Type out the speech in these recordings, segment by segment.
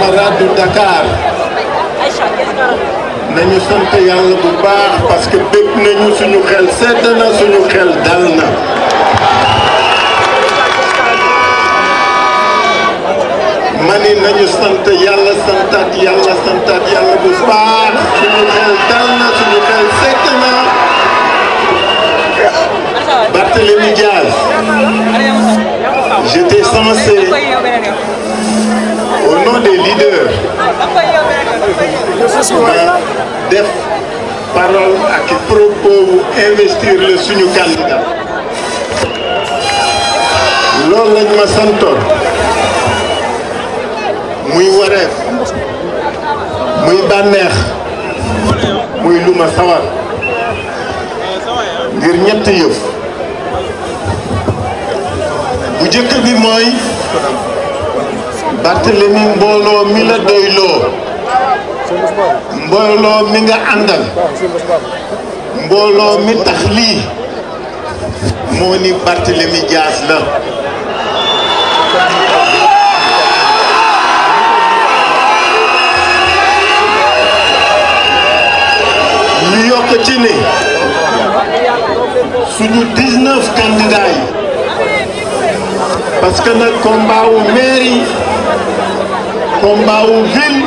camarades de nañu sant yàlla bu baax parce que bépp nañu suñu xel sedd na na. mani nañu sant yàlla santaat yàlla santaat yàlla nom des leaders ak loolu lañ ma santoon muy wareef muy bànneex muy lu ma sawar ngir ñett yëf bu jëkk bi mooy Barthélemy mbooloo mi la doyloo mbooloo mi nga àndal mbooloo mi tax lii moo ni Barthélemy Dias la ñu yokk ci ne suñu 19 candidats yi parce que nag combat wu combat aux villes,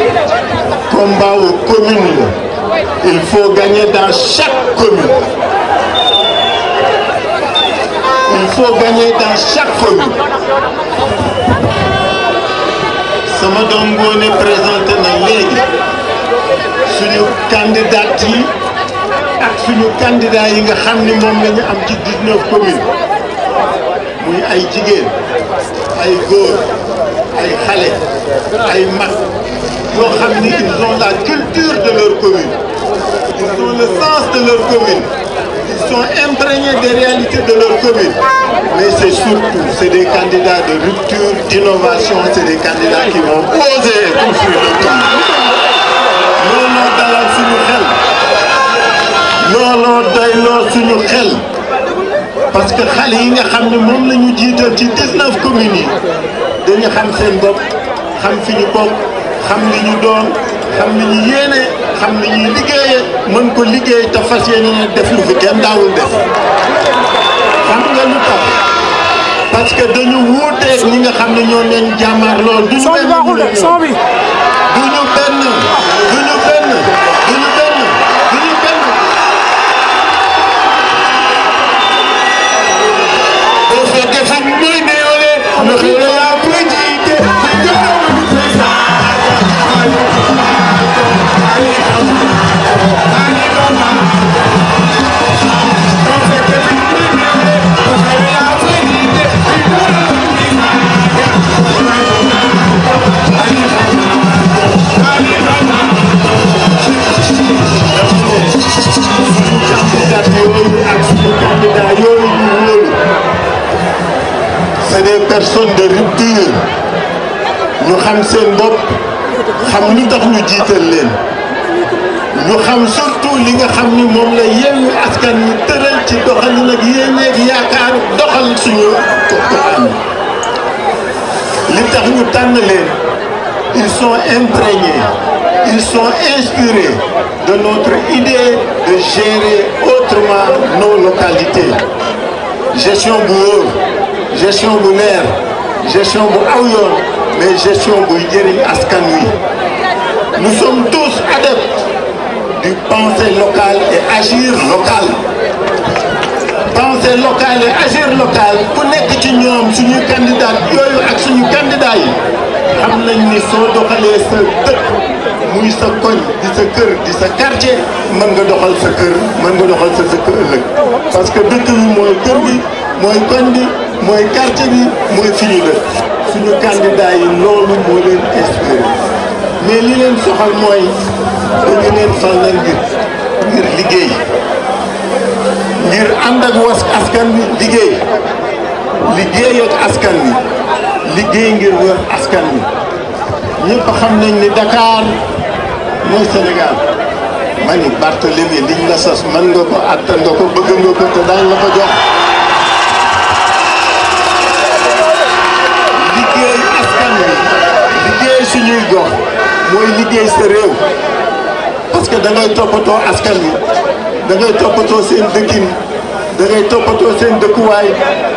combat aux communes. Il faut gagner dans chaque commune. Il faut gagner dans chaque commune. sama doom ngoone présenté na léegi suñu candidat yi ak suñu candidat yi nga xam ni moom la am ci 19 communes muy ay jigéen ay góor ay mag yoo xam ni ils ont la culture de leur commune ils ont le sens de leur commune ils sont imprégnés des réalités de leur commune mais c'est surtout c'est des candidats de rupture d'innovation c'est des candidats qui vont oser construire leur commune looloo dalal suñu xel looloo doyloo suñu xel parce que xale yi nga xam ne moom la ñu jiital ci 19 communes yi dañu xam seen bopp xam fi ñu bokk xam li ñu doon xam li yéene xam li ñuy liggéeye mën ko liggéey te fas yéene def lu fi kenn daawul def xam nga lu tax parce que dañu wuuteeg ñi nga xam ne ñoo leen jàmmaar lool duñu benn duñu benn duñu benn duñu benn c'est des personnes de rupture ñu xam seen bopp xam lu tax ñu jiital leen ñu xam surtout li nga xam ni moom la yéen askan wi tëral ci doxalin ak yéeneeg yaakaar doxal suñu doxalin li tax ñu tànn leen ils sont imprégnés ils sont inspirés de notre idée de gérer autrement nos localités gestion bu wóor. gestion bu leer gestion bu aw yoon mais gestion buy jëriñ askan wi nous sommes tous adeptes du penser local et agir local penser local et agir local ku nekk ci ñoom suñu candidat yooyu ak suñu candidat yi muy sa koñ di sa kër di sa quartier mën nga doxal sa kër mën nga doxal sa dëkk parce que dëkk bi mooy kër bi mooy koñ mooy quartier gi mooy firi la suñu candidat yi loolu moo leen inspiré mais li leen soxal mooy dañu leen fal na ngir ngir liggéey ngir ànd ak was askan bi liggéey liggéey askan bi liggéey ngir wër askan bi ñëpp xam nañ ni Dakar mooy Sénégal ma ni Barthélemy liñ la sos mën nga ko àttan nga ko bëgg nga ko te daañ la ko jox ñuy jox mooy liggéey sa réew parce que da toppatoo askan wi da toppatoo seen dëkkin da toppatoo seen dëkkuwaay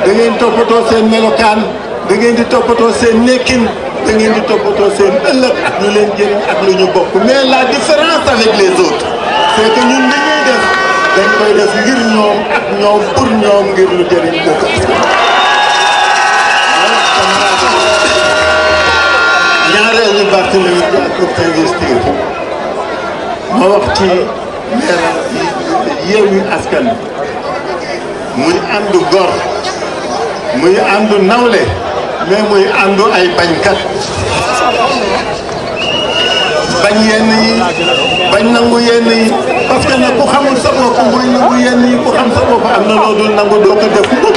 da ngeen toppatoo seen melokaan da ngeen di toppatoo seen nekkin da ngeen di toppatoo seen ëllëg ak lu leen jëriñ ak ñu bokk mais la différence avec les autres c'est que ñun li def ngir ñoom ak ñoom pour ñoom ngir lu jëriñ dëkk ma wax ci leeral Yewwi Askan Wi muy àndu gor muy àndu nawle mais muy àndu ay bañkat bañ yenn yi bañ nangu yenn yi parce que ku xamul sa bopp muy nangu yenn yi ku xam sa bopp am na loo dul nangu doo ko def mukk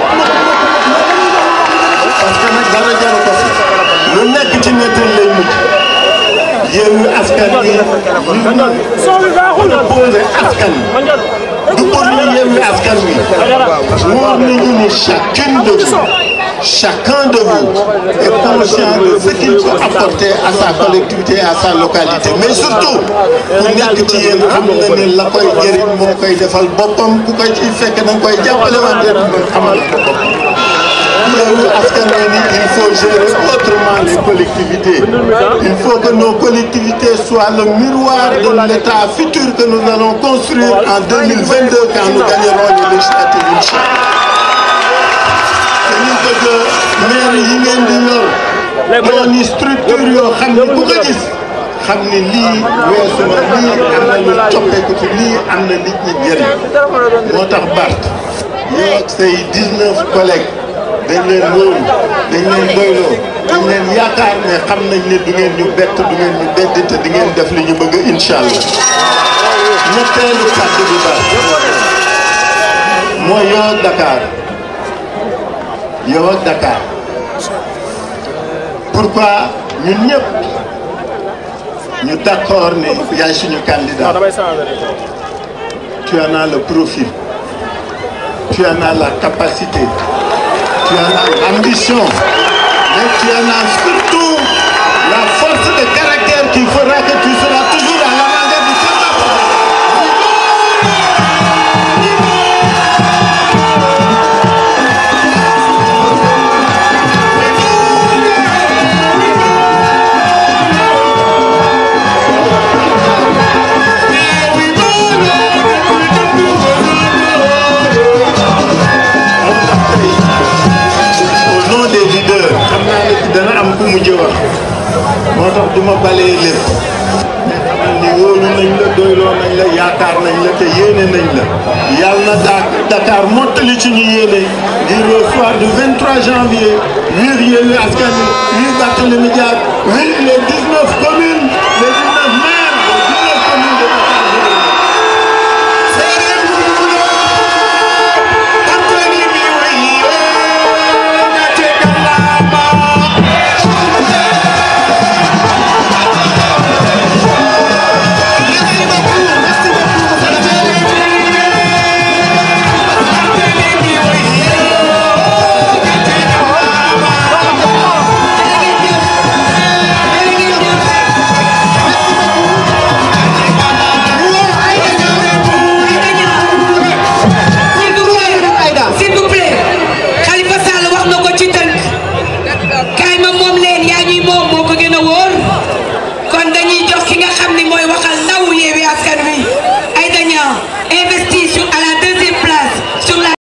parce que dara jaru ko lu nekk ci nit soo bi baaxul la posé askan du ko ñu yemee askan wi wóor nañu ni chacune de vous chacun de vous est conscient de ce qu'il peut apporter à sa collectivité à sa localité mais surtout ku nekk ci yéen xam nga ne la koy jëriñ moo koy defal boppam ku koy ci fekk na koy jàppale wante amal boppam xewu askan wi ni il faut gérer autrement les collectivités il faut que nos collectivités soient le miroir de l'État futur que nous allons construire en quand nous gagnerons les législatives inchallah dañu bëgg maire yi ngeen di yor doon ni structure yoo xam ne ku ko gis xam ne lii weesu na lii am na lu coppeeku ci lii am na nit ñi jëriñ moo tax Bart yow ak say 19 collègues dañ leen wóolu dañ leen doyloo dañ leen yaakaar ne xam nañ ne du ngeen ñu bett du ngeen ñu bedd te di ngeen def li ñu bëgg incha allah ñetteelu kàddu bi baax mooy yow ak Dakar yow ak Dakar pourquoi ñun ñëpp ñu d'accord ne yaay suñu candidat tu en le profil tu la capacité tu as l'ambition, mais tu en as surtout la force de caractère qui fera que tu seras tax du ma balee lépp ni wóolu nañ la doyloo nañ la yaakaar nañ la te yéene nañ la yàlla na daak Dakar mottali ci ñu yéene ngir le soir du 23 janvier wir Yewwi Askan Wi wir Barthélémy Dias wir les 19 communes